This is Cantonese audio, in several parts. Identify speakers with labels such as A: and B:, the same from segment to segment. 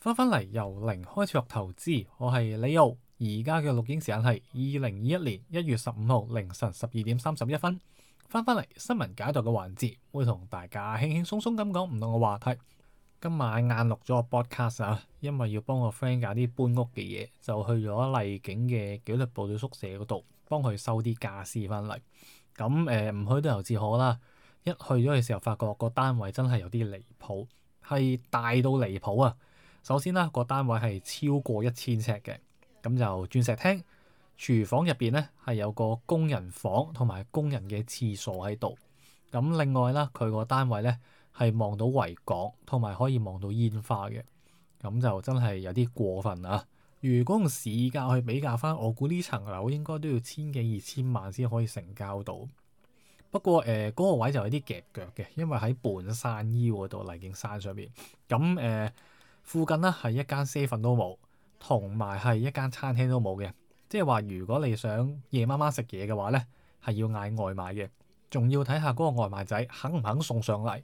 A: 翻返嚟由零開始學投資，我係李奧。而家嘅錄影時間係二零二一年一月十五號凌晨十二點三十一分。翻返嚟新聞解讀嘅環節，會同大家輕輕鬆鬆咁講唔同嘅話題。今晚晏錄咗個 podcast 啊，因為要幫個 friend 搞啲搬屋嘅嘢，就去咗麗景嘅紀律部隊宿舍嗰度幫佢收啲傢俬翻嚟。咁誒，呃，唔去都由自可啦。一去咗嘅時候，發覺個單位真係有啲離譜，係大到離譜啊！首先啦，個單位係超過一千尺嘅，咁就鑽石廳。廚房入邊咧係有個工人房同埋工人嘅廁所喺度。咁另外啦，佢個單位咧係望到維港，同埋可以望到煙花嘅。咁就真係有啲過分啊！如果用市價去比較翻，我估呢層樓應該都要千幾二千萬先可以成交到。不過誒，嗰、呃個位就有啲夾腳嘅，因為喺半山腰嗰度，麗景山上面。咁誒。呃附近咧係一間 Seven 都冇，同埋係一間餐廳都冇嘅。即係話如果你想夜媽媽食嘢嘅話咧，係要嗌外賣嘅，仲要睇下嗰個外賣仔肯唔肯送上嚟，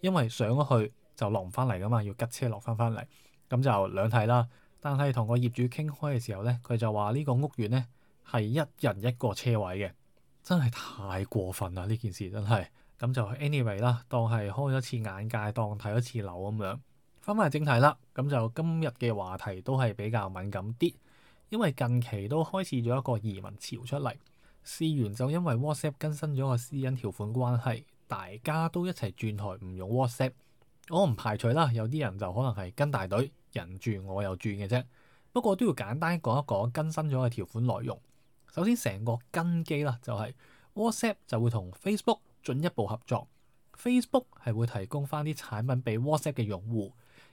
A: 因為上咗去就落唔翻嚟噶嘛，要吉車落翻翻嚟，咁就兩睇啦。但係同個業主傾開嘅時候咧，佢就話呢個屋苑咧係一人一個車位嘅，真係太過分啦！呢件事真係，咁就 anyway 啦，當係開咗次眼界，當睇咗次樓咁樣。翻埋正題啦，咁就今日嘅話題都係比較敏感啲，因為近期都開始咗一個移民潮出嚟。事緣就因為 WhatsApp 更新咗個私隱條款關係，大家都一齊轉台唔用 WhatsApp。我唔排除啦，有啲人就可能係跟大隊人轉，我又轉嘅啫。不過都要簡單講一講更新咗嘅條款內容。首先成個根基啦，就係 WhatsApp 就會同 Facebook 進一步合作，Facebook 係會提供翻啲產品俾 WhatsApp 嘅用戶。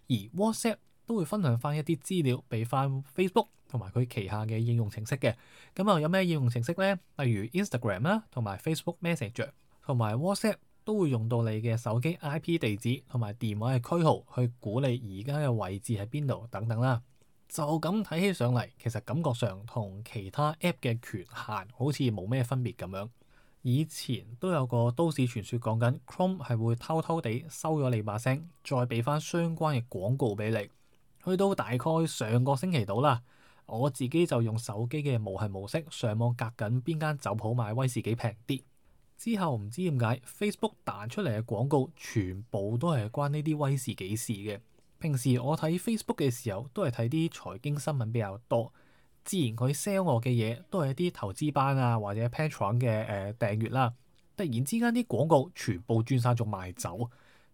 A: 而 WhatsApp 都會分享翻一啲資料俾翻 Facebook 同埋佢旗下嘅應用程式嘅，咁又有咩應用程式呢？例如 Instagram 啦，同埋 Facebook Messenger 同埋 WhatsApp 都會用到你嘅手機 IP 地址同埋電話嘅區號去估你而家嘅位置喺邊度等等啦。就咁睇起上嚟，其實感覺上同其他 App 嘅權限好似冇咩分別咁樣。以前都有個都市傳說講緊，Chrome 係會偷偷地收咗你把聲，再俾翻相關嘅廣告俾你。去到大概上個星期度啦，我自己就用手機嘅無痕模式上網格緊邊間酒鋪買威士忌平啲。之後唔知點解 Facebook 彈出嚟嘅廣告全部都係關呢啲威士忌事嘅。平時我睇 Facebook 嘅時候都係睇啲財經新聞比較多。自然佢 sell 我嘅嘢都係一啲投資班啊，或者 p e t 廠嘅誒訂閲啦，突然之間啲廣告全部轉曬做賣走，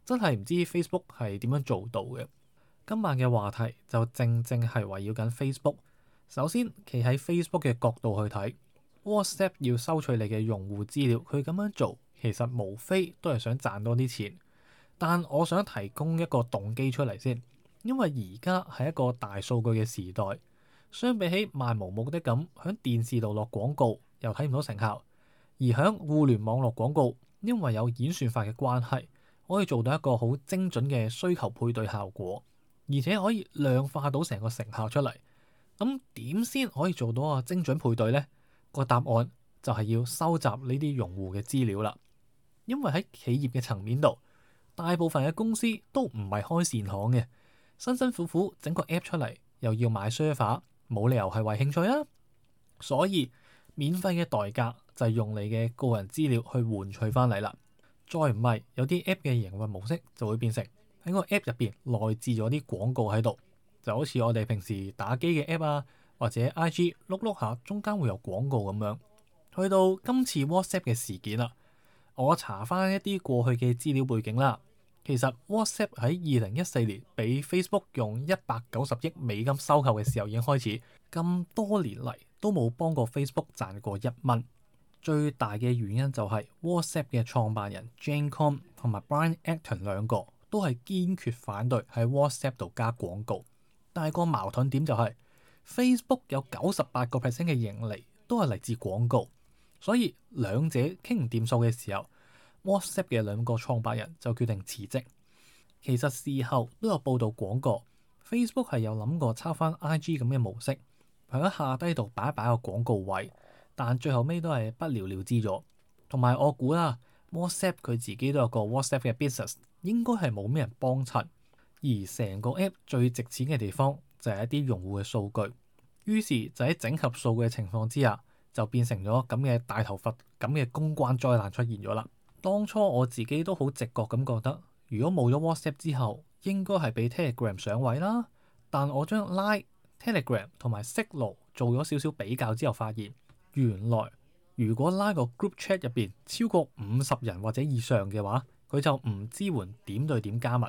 A: 真係唔知 Facebook 係點樣做到嘅。今晚嘅話題就正正係圍繞緊 Facebook。首先，企喺 Facebook 嘅角度去睇，WhatsApp 要收取你嘅用戶資料，佢咁樣做其實無非都係想賺多啲錢。但我想提供一個動機出嚟先，因為而家係一個大數據嘅時代。相比起漫無目的咁響電視度落廣告，又睇唔到成效；而響互聯網絡廣告，因為有演算法嘅關係，可以做到一個好精準嘅需求配對效果，而且可以量化到成個成效出嚟。咁點先可以做到啊，精準配對呢？個答案就係要收集呢啲用戶嘅資料啦。因為喺企業嘅層面度，大部分嘅公司都唔係開善行嘅，辛辛苦苦整個 app 出嚟，又要買 server 冇理由係為興趣啊，所以免費嘅代價就係用你嘅個人資料去換取翻嚟啦。再唔係有啲 app 嘅營運模式就會變成喺個 app 入邊內置咗啲廣告喺度，就好似我哋平時打機嘅 app 啊，或者 IG 碌碌下中間會有廣告咁樣。去到今次 WhatsApp 嘅事件啦、啊，我查翻一啲過去嘅資料背景啦。其實 WhatsApp 喺二零一四年俾 Facebook 用一百九十億美金收購嘅時候已經開始，咁多年嚟都冇幫過 Facebook 賺過一蚊。最大嘅原因就係 WhatsApp 嘅創辦人 Jan Koum 同埋 Brian Acton 兩個都係堅決反對喺 WhatsApp 度加廣告。但係個矛盾點就係 Facebook 有九十八個 percent 嘅盈利都係嚟自廣告，所以兩者傾唔掂數嘅時候。WhatsApp 嘅兩個創辦人就決定辭職。其實事後都有報道廣告 Facebook 係有諗過抄翻 IG 咁嘅模式，喺下低度擺一擺個廣告位，但最後尾都係不了了之咗。同埋我估啦，WhatsApp 佢自己都有個 WhatsApp 嘅 business，應該係冇咩人幫襯。而成個 app 最值錢嘅地方就係一啲用戶嘅數據，於是就喺整合數據嘅情況之下，就變成咗咁嘅大頭佛咁嘅公關災難出現咗啦。當初我自己都好直覺咁覺得，如果冇咗 WhatsApp 之後，應該係俾 Telegram 上位啦。但我將 Line、Telegram 同埋 Signal 做咗少少比較之後，發現原來如果 Line 個 group chat 入邊超過五十人或者以上嘅話，佢就唔支援點對點加密。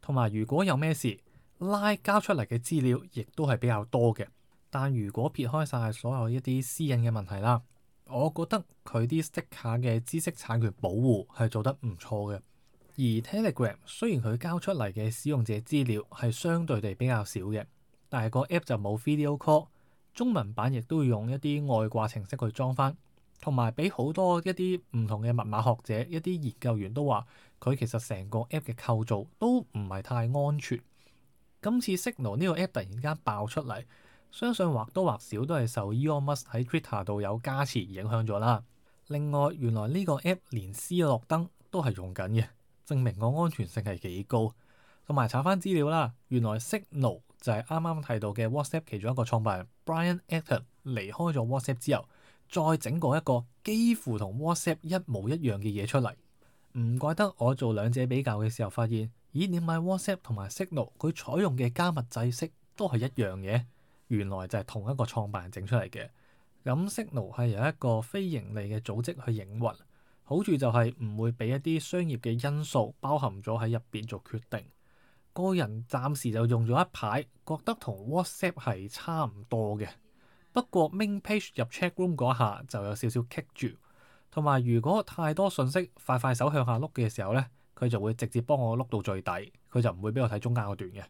A: 同埋如果有咩事，Line 交出嚟嘅資料亦都係比較多嘅。但如果撇開晒所有一啲私隱嘅問題啦。我覺得佢啲 sticker 嘅知識產權保護係做得唔錯嘅，而 Telegram 雖然佢交出嚟嘅使用者資料係相對地比較少嘅，但係個 app 就冇 Video Call，中文版亦都要用一啲外掛程式去裝翻，同埋俾好多一啲唔同嘅密碼學者一啲研究員都話佢其實成個 app 嘅構造都唔係太安全。今次 Signal 呢個 app 突然間爆出嚟。相信或多或少都係受 Elon Musk 喺 Twitter 度有加持影響咗啦。另外，原來呢個 App 連斯諾登都係用緊嘅，證明個安全性係幾高。同埋，查翻資料啦，原來 Signal 就係啱啱提到嘅 WhatsApp 其中一個創辦人 Brian Acton 離開咗 WhatsApp 之後，再整過一個幾乎同 WhatsApp 一模一樣嘅嘢出嚟。唔怪得我做兩者比較嘅時候，發現咦，點解 WhatsApp 同埋 Signal 佢採用嘅加密制式都係一樣嘅。原來就係同一個創辦人整出嚟嘅。咁 Signal 係由一個非盈利嘅組織去營運，好處就係唔會俾一啲商業嘅因素包含咗喺入邊做決定。個人暫時就用咗一排，覺得同 WhatsApp 係差唔多嘅。不過 Main Page 入 check room 嗰下就有少少棘住，同埋如果太多信息，快快手向下碌嘅時候咧，佢就會直接幫我碌到最底，佢就唔會俾我睇中間嗰段嘅。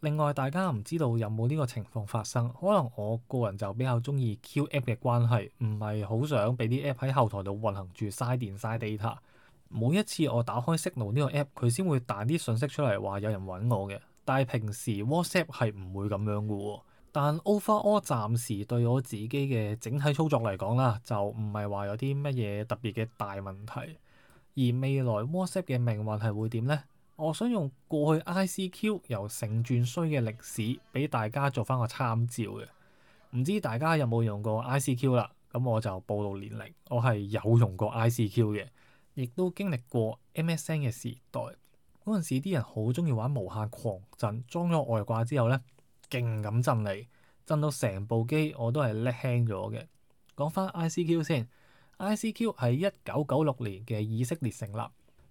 A: 另外，大家唔知道有冇呢個情況發生？可能我個人就比較中意 Q App 嘅關係，唔係好想俾啲 App 喺後台度運行住嘥電嘥 data。每一次我打開 Signal 呢個 App，佢先會彈啲信息出嚟話有人揾我嘅。但係平時 WhatsApp 係唔會咁樣嘅喎。但 Overall 暫時對我自己嘅整體操作嚟講啦，就唔係話有啲乜嘢特別嘅大問題。而未來 WhatsApp 嘅命運係會點咧？我想用過去 ICQ 由盛轉衰嘅歷史，俾大家做翻個參照嘅。唔知大家有冇用過 ICQ 啦？咁我就暴露年齡，我係有用過 ICQ 嘅，亦都經歷過 MSN 嘅時代。嗰陣時啲人好中意玩無限狂震，裝咗外掛之後咧，勁噉震你，震到成部機我都係叻輕咗嘅。講翻 ICQ 先，ICQ 喺一九九六年嘅以色列成立。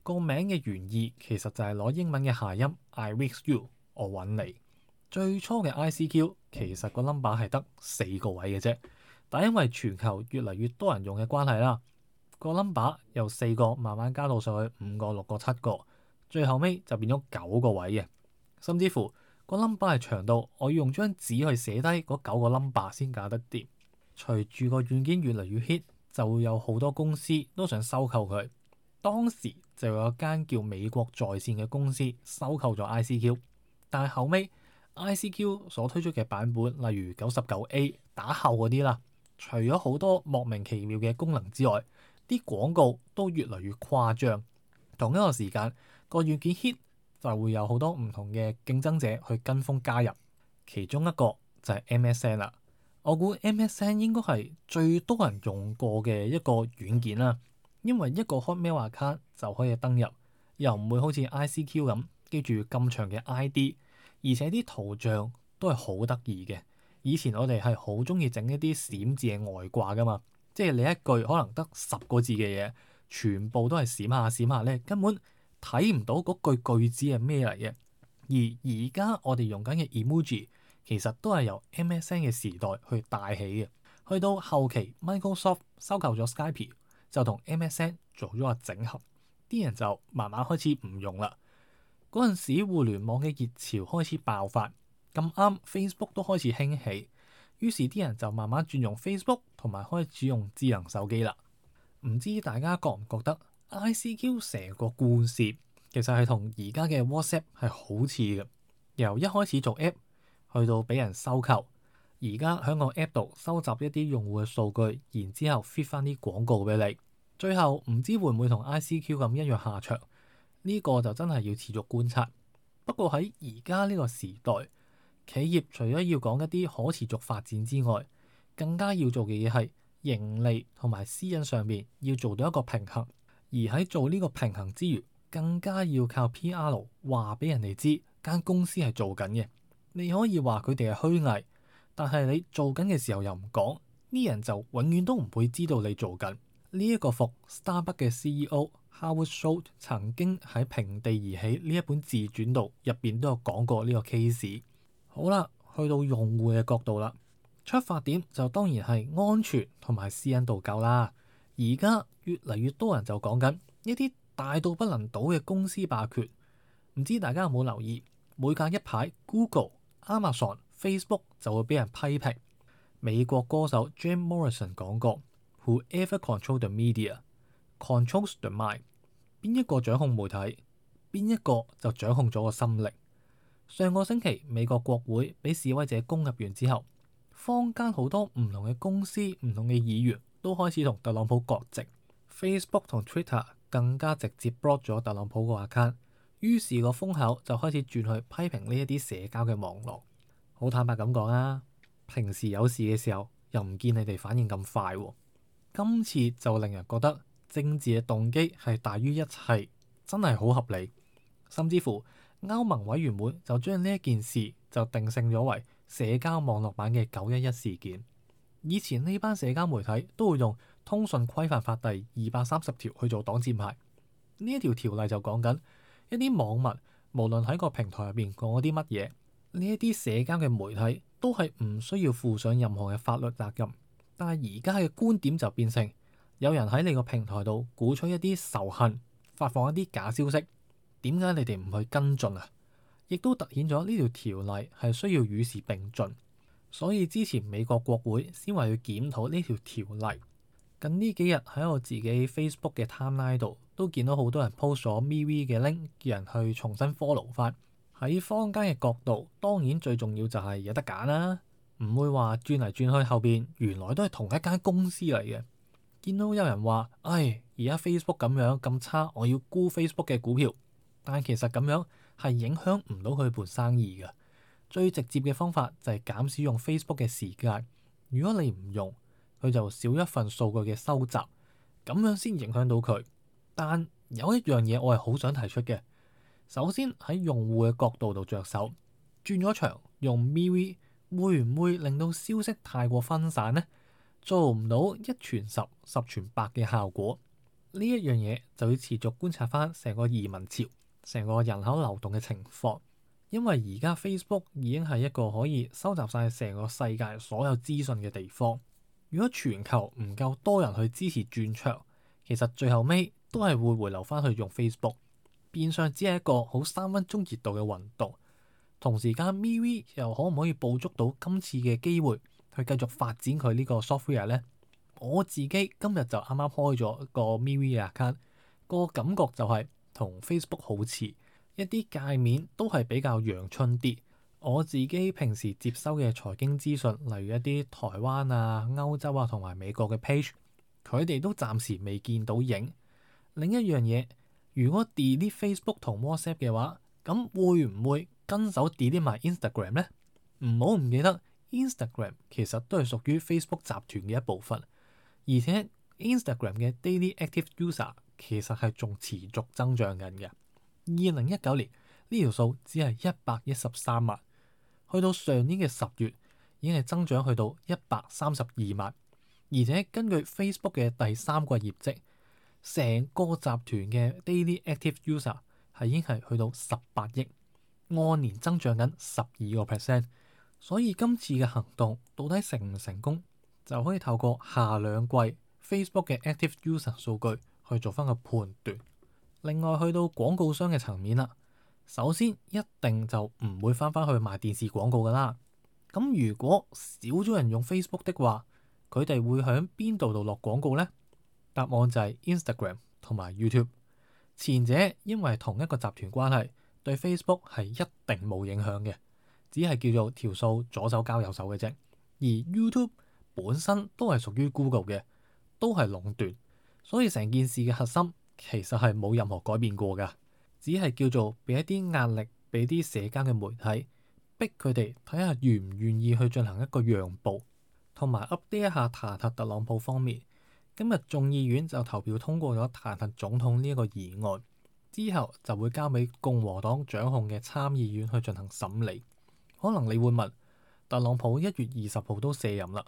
A: 個名嘅原意其實就係攞英文嘅諧音，I seek you 我揾你。最初嘅 ICQ 其實個 number 係得四個位嘅啫，但因為全球越嚟越多人用嘅關係啦，個 number 由四個慢慢加到上去，五個、六個、七個，最後尾就變咗九個位嘅。甚至乎個 number 係長到我要用張紙去寫低嗰九個 number 先搞得掂。隨住個軟件越嚟越 hit，就會有好多公司都想收購佢。當時就有間叫美國在線嘅公司收購咗 ICQ，但係後尾 ICQ 所推出嘅版本，例如九十九 A 打後嗰啲啦，除咗好多莫名其妙嘅功能之外，啲廣告都越嚟越誇張。同一個時間，個軟件 hit 就會有好多唔同嘅競爭者去跟風加入，其中一個就係 MSN 啦。我估 MSN 應該係最多人用過嘅一個軟件啦。因為一個 hotmail account 就可以登入，又唔會好似 ICQ 咁記住咁長嘅 ID，而且啲圖像都係好得意嘅。以前我哋係好鍾意整一啲閃字嘅外掛㗎嘛，即係你一句可能得十個字嘅嘢，全部都係閃下閃下咧，根本睇唔到嗰句句子係咩嚟嘅。而而家我哋用緊嘅 emoji 其實都係由 MSN 嘅時代去帶起嘅，去到後期 Microsoft 收購咗 Skype。就同 MSN 做咗個整合，啲人就慢慢開始唔用啦。嗰陣時互聯網嘅熱潮開始爆發，咁啱 Facebook 都開始興起，於是啲人就慢慢轉用 Facebook，同埋開始用智能手機啦。唔知大家覺唔覺得 ICQ 成個故事其實係同而家嘅 WhatsApp 係好似嘅，由一開始做 app，去到俾人收購，而家響個 app 度收集一啲用戶嘅數據，然之後 feed 翻啲廣告俾你。最後唔知會唔會同 ICQ 咁一樣下場，呢個就真係要持續觀察。不過喺而家呢個時代，企業除咗要講一啲可持續發展之外，更加要做嘅嘢係盈利同埋私隱上面要做到一個平衡。而喺做呢個平衡之餘，更加要靠 PR 話俾人哋知間公司係做緊嘅。你可以話佢哋係虛偽，但係你做緊嘅時候又唔講呢，人就永遠都唔會知道你做緊。呢一個服 Starbucks 嘅 CEO Howard Schultz 曾經喺平地而起呢一本自傳度入邊都有講過呢個 case。好啦，去到用戶嘅角度啦，出發點就當然係安全同埋私隱度夠啦。而家越嚟越多人就講緊一啲大到不能倒嘅公司霸權，唔知大家有冇留意每隔一排 Google、Amazon、Facebook 就會俾人批評。美國歌手 Jim Morrison 講過。Whoever controls the media controls the mind。邊一個掌控媒體，邊一個就掌控咗個心靈。上個星期美國國會俾示威者攻入完之後，坊間好多唔同嘅公司、唔同嘅議員都開始同特朗普割席。Facebook 同 Twitter 更加直接 block 咗特朗普個 account。於是個風口就開始轉去批評呢一啲社交嘅網絡。好坦白咁講啊，平時有事嘅時候又唔見你哋反應咁快喎。今次就令人覺得政治嘅動機係大於一切，真係好合理。甚至乎歐盟委員會就將呢一件事就定性咗為社交網絡版嘅九一一事件。以前呢班社交媒體都會用通訊規範法第二百三十條去做擋箭牌。呢一條條例就講緊一啲網民無論喺個平台入邊講咗啲乜嘢，呢一啲社交嘅媒體都係唔需要負上任何嘅法律責任。但係而家嘅觀點就變成，有人喺你個平台度鼓吹一啲仇恨，發放一啲假消息，點解你哋唔去跟進啊？亦都突顯咗呢條條例係需要與時並進，所以之前美國國會先話要檢討呢條條例。近呢幾日喺我自己 Facebook 嘅 timeline 度都見到好多人 post 咗 MeWe 嘅 link，叫人去重新 follow 翻。喺坊間嘅角度，當然最重要就係有得揀啦。唔會話轉嚟轉去後邊，原來都係同一間公司嚟嘅。見到有人話：唉、哎，而家 Facebook 咁樣咁差，我要沽 Facebook 嘅股票。但其實咁樣係影響唔到佢盤生意嘅。最直接嘅方法就係減少用 Facebook 嘅時間。如果你唔用，佢就少一份數據嘅收集，咁樣先影響到佢。但有一樣嘢我係好想提出嘅，首先喺用戶嘅角度度着手轉咗場用 Mewe。會唔會令到消息太過分散呢？做唔到一傳十、十傳百嘅效果，呢一樣嘢就要持續觀察翻成個移民潮、成個人口流動嘅情況。因為而家 Facebook 已經係一個可以收集晒成個世界所有資訊嘅地方。如果全球唔夠多人去支持轉場，其實最後尾都係會回流翻去用 Facebook，變相只係一個好三分鐘熱度嘅運動。同時間，MeWe 又可唔可以捕捉到今次嘅機會去繼續發展佢呢個 software 呢？我自己今日就啱啱開咗個 MeWe account，個感覺就係同 Facebook 好似一啲，界面都係比較陽春啲。我自己平時接收嘅財經資訊，例如一啲台灣啊、歐洲啊同埋美國嘅 page，佢哋都暫時未見到影。另一樣嘢，如果 delete Facebook 同 WhatsApp 嘅話，咁會唔會？跟手 delete 埋 Instagram 咧，唔好唔記得。Instagram 其實都係屬於 Facebook 集團嘅一部分，而且 Instagram 嘅 Daily Active User 其實係仲持續增長緊嘅。二零一九年呢條數只係一百一十三萬，去到上年嘅十月已經係增長去到一百三十二萬，而且根據 Facebook 嘅第三季業績，成個集團嘅 Daily Active User 係已經係去到十八億。按年增長緊十二個 percent，所以今次嘅行動到底成唔成功，就可以透過下兩季 Facebook 嘅 Active User 數據去做翻個判斷。另外去到廣告商嘅層面啦，首先一定就唔會翻返去賣電視廣告噶啦。咁如果少咗人用 Facebook 的話，佢哋會響邊度度落廣告呢？答案就係 Instagram 同埋 YouTube。前者因為同一個集團關係。對 Facebook 係一定冇影響嘅，只係叫做條數左手交右手嘅啫。而 YouTube 本身都係屬於 Google 嘅，都係壟斷，所以成件事嘅核心其實係冇任何改變過噶，只係叫做俾一啲壓力，俾啲社交嘅媒體逼佢哋睇下願唔願意去進行一個讓步，同埋 update 一下。彈劾特朗普方面，今日眾議院就投票通過咗彈劾總統呢一個議案。之後就會交俾共和黨掌控嘅參議院去進行審理。可能你會問：特朗普一月二十號都卸任啦，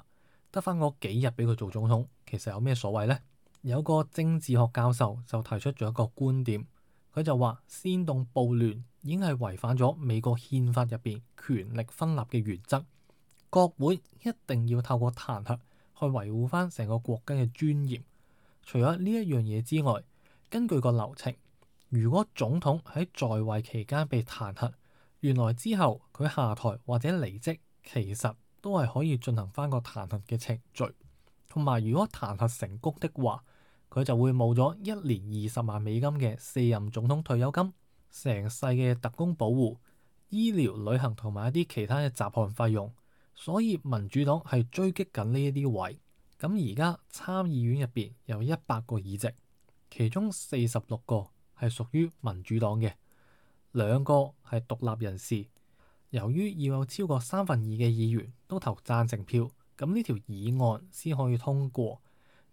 A: 得翻嗰幾日俾佢做總統，其實有咩所謂呢？有個政治學教授就提出咗一個觀點，佢就話煽動暴亂已經係違反咗美國憲法入邊權力分立嘅原則，國會一定要透過彈劾去維護翻成個國家嘅尊嚴。除咗呢一樣嘢之外，根據個流程。如果總統喺在，在位期間被彈劾，原來之後佢下台或者離職，其實都係可以進行翻個彈劾嘅程序。同埋，如果彈劾成功的話，佢就會冇咗一年二十萬美金嘅四任總統退休金，成世嘅特工保護、醫療、旅行同埋一啲其他嘅雜項費用。所以民主黨係追擊緊呢一啲位。咁而家參議院入邊有一百個議席，其中四十六個。係屬於民主黨嘅，兩個係獨立人士。由於要有超過三分二嘅議員都投贊成票，咁呢條議案先可以通過。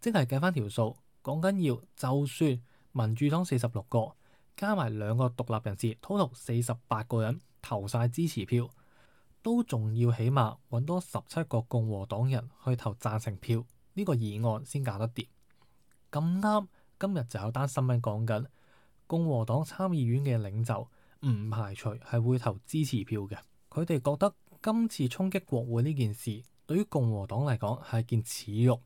A: 即係計翻條數，講緊要就算民主黨四十六個加埋兩個獨立人士，total 四十八個人投晒支持票，都仲要起碼揾多十七個共和黨人去投贊成票，呢個議案先搞得掂。咁啱，今日就有單新聞講緊。共和黨參議院嘅領袖唔排除係會投支持票嘅。佢哋覺得今次衝擊國會呢件事對於共和黨嚟講係一件恥辱。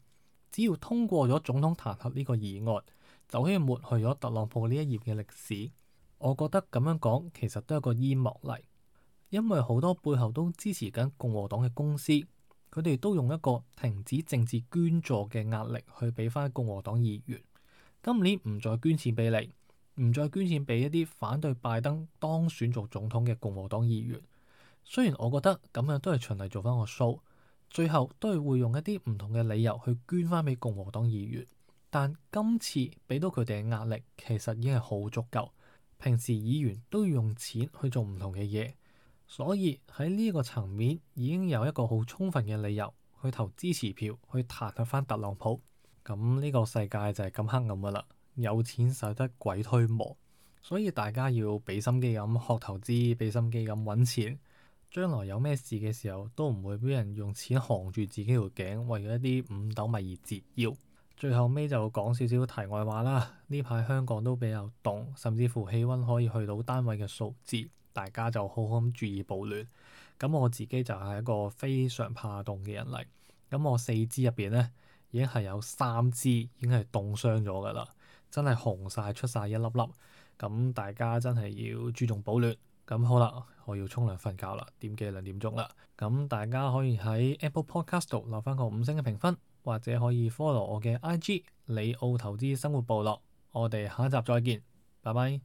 A: 只要通過咗總統彈劾呢個議案，就可以抹去咗特朗普呢一頁嘅歷史。我覺得咁樣講其實都係一個煙幕嚟，因為好多背後都支持緊共和黨嘅公司，佢哋都用一個停止政治捐助嘅壓力去俾翻共和黨議員，今年唔再捐錢俾你。唔再捐錢俾一啲反對拜登當選做總統嘅共和黨議員，雖然我覺得咁樣都係循例做翻個 show，最後都係會用一啲唔同嘅理由去捐翻俾共和黨議員，但今次俾到佢哋嘅壓力其實已經係好足夠。平時議員都要用錢去做唔同嘅嘢，所以喺呢個層面已經有一個好充分嘅理由去投支持票去彈劾翻特朗普。咁呢個世界就係咁黑暗噶啦。有錢使得鬼推磨，所以大家要俾心機咁學投資，俾心機咁揾錢。將來有咩事嘅時候，都唔會俾人用錢扛住自己條頸，為咗一啲五斗米而折腰。最後尾就講少少題外話啦。呢排香港都比較凍，甚至乎氣温可以去到單位嘅數字，大家就好好咁注意保暖。咁我自己就係一個非常怕凍嘅人嚟，咁我四肢入邊呢已經係有三支已經係凍傷咗㗎啦。真係紅晒出晒一粒粒，咁大家真係要注重保暖。咁好啦，我要沖涼瞓覺啦，點幾兩點鐘啦。咁大家可以喺 Apple Podcast 度留翻個五星嘅評分，或者可以 follow 我嘅 IG 李奧投資生活部落。我哋下一集再見，拜拜。